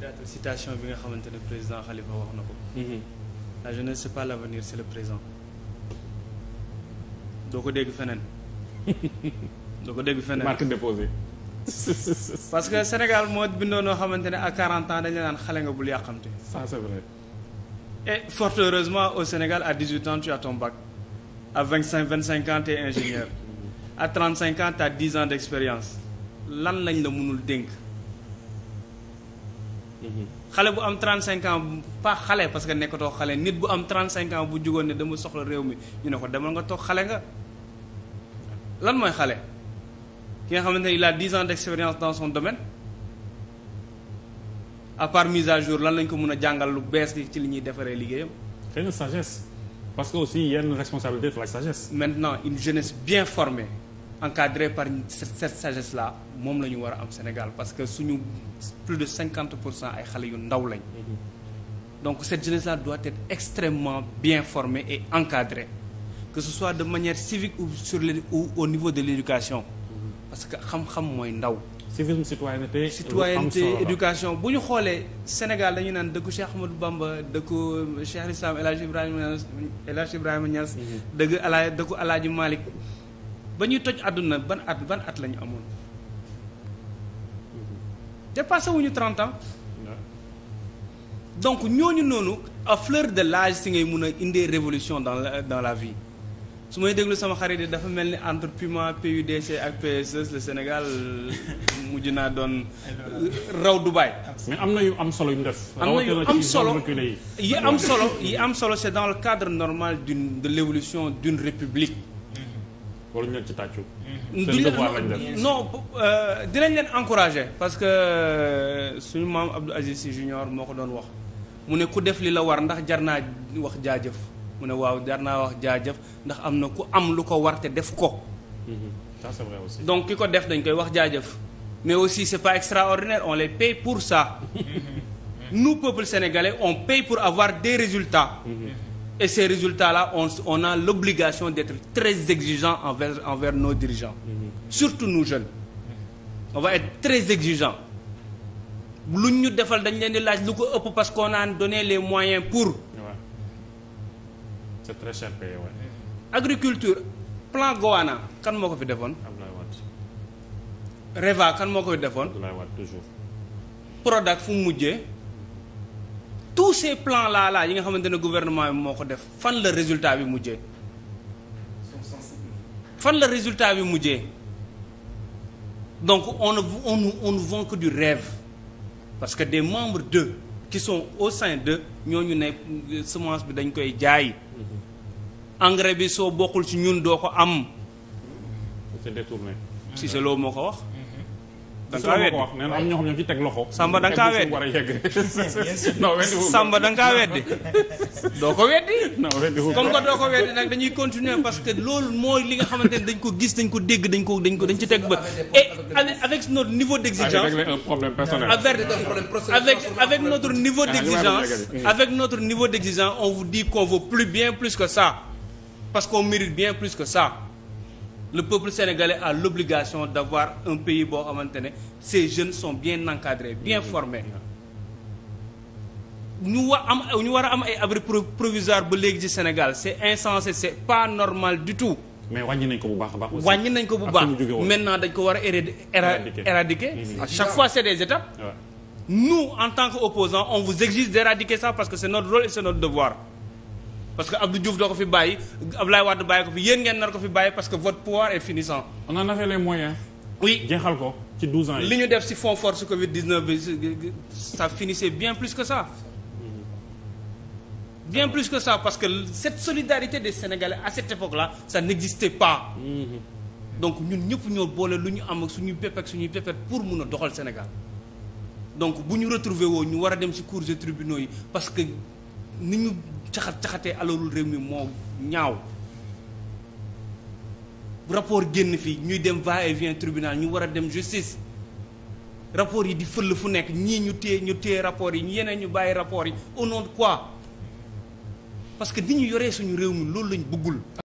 date situation bi nga xamante ne président Khalifa wax na ko. Mhm. la jeunesse c'est pas l'avenir c'est le présent. doo ko dégg feneen. doo ko dégg feneen marque déposée. parce que Sénégal moo bindoo noo xamante ne à 40 ans dañu la naan xale nga bul yàqamte. ça c'est et fort heureusement au Sénégal à 18 ans tu as ton bac. vingt 25 25 ans tu ingénieur. à 35 cinquante tu as 10 ans d'expérience. lan lañ la mënul dénk. xale bu am 35 ans pas xale parce que nekkatoo xale nit bu am 35 ans bu jugoon ne dama soxla réew mi ñu ne ko demal nga toog xale nga. lan mooy xale ki nga xamante ne il a 10 ans d' expérience dans son domaine à part à jour lan lañ ko mën a jàngal lu bees li ci li ñuy defaree liggéeyam. xëy na sagesse parce que aussi yenn responsabilité de la sagesse. maintenant une jeunesse bien formée. encadré par cette, cette la moom lañu war a am Sénégal parce que suñu plus de cinquante pour cent ay xale yu ndaw lañ donc cette jeunesse là doit être extrêmement bien formée et encadrée que ce soit de manière civique ou sur le ou au niveau de l'éducation parce que xam-xam mooy ndaw civisme citoyenneté citoyenneté éducation bu ñu xoolee Sénégal dañu naan dëkku Cheikh Ahmadou Bamba dëkku Cheikh Islam El Hadj Ibrahima El Hadj Ibrahima Niass mhm. dëkku Alaaji Malick ba ñuy toj àdduna ban at ban at la ñu amoon dépassé wuñu 30 ans donc ñooñu noonu a fleur de lage si ngay mun a indee révolution dans la dans la vie su may déglu sama xarit yi dafa mel ni entre Puma PUDC ak PSS le Sénégal mujj naa doon raw Dubaï. mais am na yu am solo yu mu def. am na yu am solo yi am solo yi am solo c'est dans le cadre normal du de l'évolution d'une république. waruñu leen ci tàccu. seen lañ def euh, dinañ leen encourager parce que euh, suñu maam Abdou Aziz Sy Junior moo ko doon wax mu ne ku def li la war ndax jar naa wax jaajëf mu ne waaw jar naa wax jaajëf ndax am na ku am lu ko war te def ko. Mhm. ça c'est vrai donc ki ko def dañ koy wax jaajëf mais aussi c'est pas extraordinaire on les pay pour ça. Mhm. nous peuple sénégalais on paye pour avoir des résultats. Mm Et ces résultats la on, on a l'obligation d'être très exigeants envers, envers nos dirigeants, mm-hmm. surtout nou jeunes. On va être très exigeants. lu ñu defal dañ leen di laaj lu ko ëpp parce qu'on naan donné les moyen pour. Ouais. c'est très cher payé ouais. Mm-hmm. agriculture plan Goana kan moo ko fi defoon. Abdoulaye Wade. Reva kan moo ko fi defoon. Abdoulaye fu mu mujjee. tous ces plans là yi nga xamante ne gouvernement bi moo ko def fan la résultat bi mujjee fan la résultat bi mujjee donc on ne on ne on du rêve parce que des membres d'eux qui sont au sein d'eux ñooñu ne semence bi dañ koy jaay engrais bi soo bokkul ci ñun doo ko am. c'est détourné. si c'est moo ko wax. da nga ko wax nee na am ñoo doo ko weddi. comme que doo ko weddi nag dañuy continuer parce que loolu mooy li nga xamante ne dañ ko gis dañ ko dégg dañ ko dañ ko dañ ci teg ba e avec notre niveau d'exigence. avec un problème personnel. avec avec notre niveau ah, d'exigence. avec on vous dit plus bien plus que ça parce qu'on mérite bien plus que ça. le peuple sénégalais a l'obligation d'avoir un pays boo xamante ne ces jeunes sont bien encadrés bien formés ñu wa am ñu war a am ay abri provisoire ba léegi ci Sénégal c'est insensé c'est pas normal du tout mais ko bu baax baax. wàññi nañ ko bu baax maintenant dañ ko war a éradiquer éradiquer chaque fois c'est des étapes nous en tant qu'opposants on vous exige d'éradiquer ça parce que c'est notre rôle et c'est notre devoir parce que Abdou Diouf doo ko fi bàyyi Abdoulaye Wade bàyyi ko fi yéen ngeen nar ko fi bàyyi parce que votre pouvoir est finissant. on en a fait les moyens. jeexal ko ci 12 ans yi. li ñu def si fonds force Covid 19 bi ça finissait bien plus que ça. bien plus que ça parce que cette solidarité de Sénégalais à cette époque-là ça n'existait pas. donc ñun ñëpp ñoo boole lu ñu am ak suñuy pépek suñuy pépek pour mun a doxal Sénégal. donc bu ñu retrouver woo ñu war a dem ci cours de tribunaux yi caxat-caxatee alalul réew mi moo ñaaw rapport génn fii ñuy dem va et vient tribunal ñu war a dem justice rapport yi di fël fu nekk ñii ñu téye ñu téye rapport yi yeneen ñu bàyyi rapport yi au nom de parce que ni ñu yoree suñu réew mi loolu lañ buggul